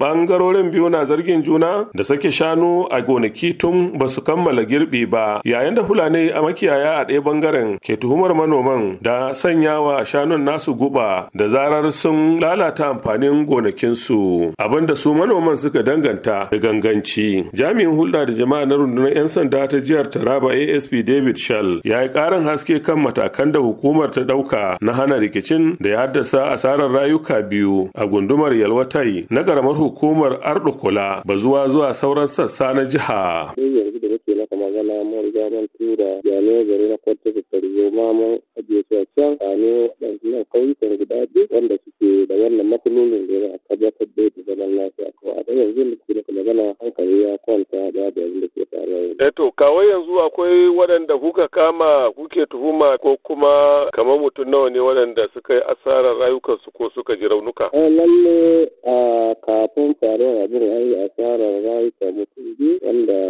Bangarorin biyu na zargin juna da sake shanu a gonaki tun ba su kammala girbi ba yayin da Fulani a makiyaya a ɗaya bangaren ke tuhumar manoman da sanyawa shanun nasu guba da zarar sun lalata amfanin gonakinsu abin da su manoman suka danganta da ganganci. Jami'in hulɗa da jama'a na rundunar 'yan sanda ta jihar Taraba ASP David Shell ya yi ƙarin haske kan matakan da hukumar ta ɗauka na hana rikicin da ya haddasa asarar rayuka biyu a gundumar Yalwatai na ƙaramar hukumar kula. bazuwa zuwa sauran sassa na jiha. yanzu da nake maka magana mun riga tura jami'ai gari na kwanta su tarzo mun ajiye a can a ne waɗannan kauyukan guda biyu wanda suke da wannan matsalolin da a tabbatar da zaman lafiya ko a yanzu da kuke maka magana hankali ya kwanta da da yanzu da ke faruwa. eh to kawai yanzu akwai waɗanda kuka kama kuke tuhuma ko kuma kamar mutum nawa ne waɗanda suka yi asarar rayukansu ko suka ji raunuka. Eh, lalle a ah, kafin faruwar abin ya yi asarar rayuka mutum biyu wanda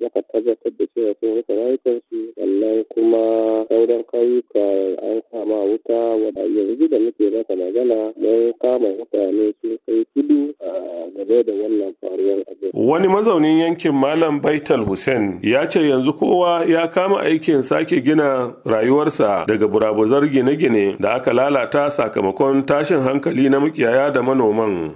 muka tabbatar da cewa sun rasa rayukansu sannan kuma sauran kayuka an kama wuta wadda yanzu da muke maka magana mun kama mutane sun kai kudu game da wannan faruwar abin. Wani mazaunin yankin Malam Baital Hussein ya ce yanzu kowa ya kama aikin sake gina rayuwarsa daga burabuzar gine-gine da aka lalata sakamakon tashin hankali na mukiyaya da manoman.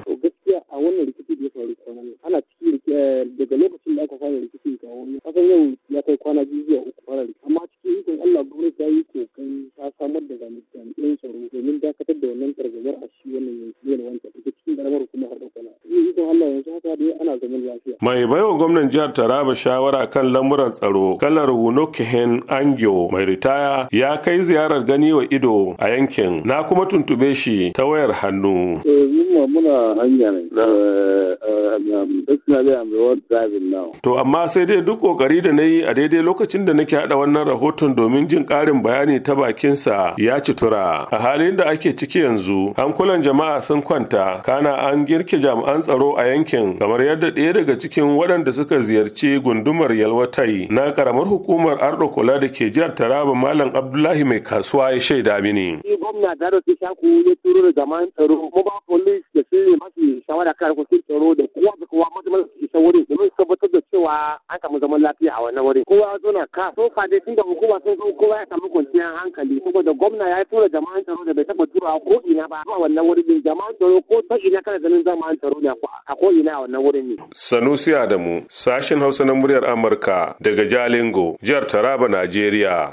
daga lokacin da aka fara rikicin kawo wani kasan yau ya kai kwana biyu zuwa uku fara rikici amma cikin ikon Allah gwamnati ta yi kokari ta samar da jami'an tsaro domin dakatar da wannan tarzamar a shi wannan yanki yana wanda take cikin da kwana Haɗaukana. Ikon Allah yanzu haka dai ana zaman lafiya. Mai baiwa gwamnan jihar Taraba shawara kan lamuran tsaro kalar wunokehen Angio mai ritaya ya kai ziyarar gani wa ido a yankin na kuma tuntube shi ta wayar hannu. Eh, kuma muna hanya ne. a eh, eh, driving now. To amma sai dai duk kokari da na yi a daidai lokacin da nake haɗa wannan rahoton domin jin ƙarin bayani ta bakinsa ya ci tura. A halin da ake ciki yanzu, hankulan jama'a sun kwanta, kana an girke jami'an tsaro a yankin kamar yadda ɗaya daga cikin waɗanda suka ziyarci gundumar Yalwatai na ƙaramar hukumar Ardo Kola da ke jihar Taraba Malam Abdullahi mai kasuwa ya shaida mini. Gwamna ta Tishaku ya turo da jama'an tsaro, mobile police da su ne masu shawara kan harkokin tsaro da kowa da kowa masu isa wurin domin tabbatar da cewa an samu zaman lafiya a wannan wurin kowa ya na ka so fa dai tun da hukuma sun zo kowa ya samu kwanciyar hankali saboda gwamna ya tura jama'an tsaro da bai taɓa turawa ko ina ba a wannan wurin ne jama'an tsaro ko ta ina kana ganin jama'an tsaro ne a ko ina a wannan wurin ne. Sanusi Adamu sashen Hausa na muryar Amurka daga Jalingo jihar Taraba Najeriya.